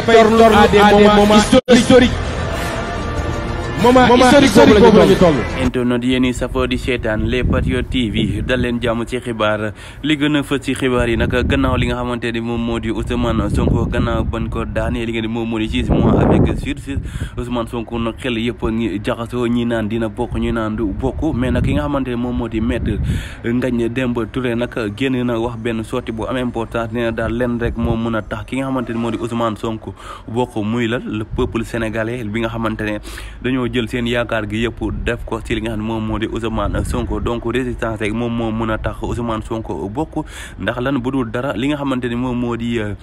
torne à des moments historiques. moment historique boobu la ñu toll internet yéen i safoo di seetaan les patriotes TV dal leen jàmm ci xibaar li gën a fës ci xibaar yi nag gannaaw li nga xamante ni moom moo di Ousmane Sonko gannaaw ban ko daanee li nga ni moom moo di six mois avec sursis Ousmane Sonko nag xel yëpp naan dina bokk ñi naan du bokk mais nag ki nga xamante ni moom moo di maître Ngagne Demba Touré nag génn na wax benn sortie bu am importance nee daal leen rek moo mën a tax ki nga xamante ni moo di Ousmane sonk bokk muy la le peuple sénégalais bi nga xamante ne dañoo jël seen yaakaar gi yëpp def ko ci li nga xam ne moom moo di Ousmane Sonko donc résistance rek moom moo a tax Ousmane Sonko bokk ndax lan bu dul dara li nga xamante ni moom moo di euh,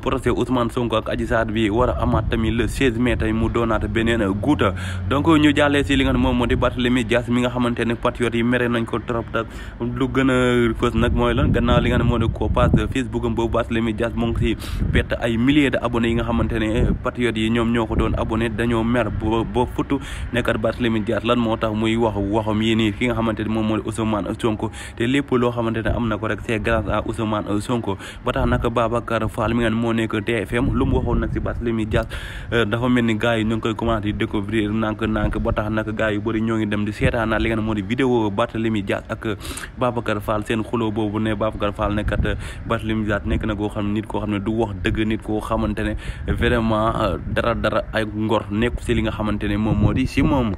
procès Ousmane Sonko ak Adji Sarr bi war a mu doonaat beneen guuta donc ñu jàllee si li moo mi nga xamante ne patriotes yi mere nañ ko trop tak lu gën a fës nag mooy lan gannaaw li nga xam ne moo di ko page Facebook am boobu xamante ne patriotes yi ñoom ñoo ko doon abonné dañoo mer ba futu nekkat Barthélemy Dias lan moo tax wax waxam yii nii ki nga ne moom moo di Ousmane Sonko te lépp loo xamante am na ko rek c'est grâce à Ousmane Sonko ba tax nag Babacar Fall mi ngeen moo nekk TFM lu mu waxoon nag si Barthélemy Dias euh, dafa ni gars yi ñu ngi koy commencé di découvrir nànk nànk ba tax nag gars yu bëri ñoo ngi dem di seetaanaat li ngeen moo di vidéo Barthélemy Dias ak euh, Babacar Fall seen xuloo boobu ne Babacar Fall nekkat euh, Barthélemy Dias nekk na koo xam ne nit koo xam ne du wax dëgg nit koo xamante ne vraiment dara dara ay ngor nekku si li nga xamante ne moom moo di moom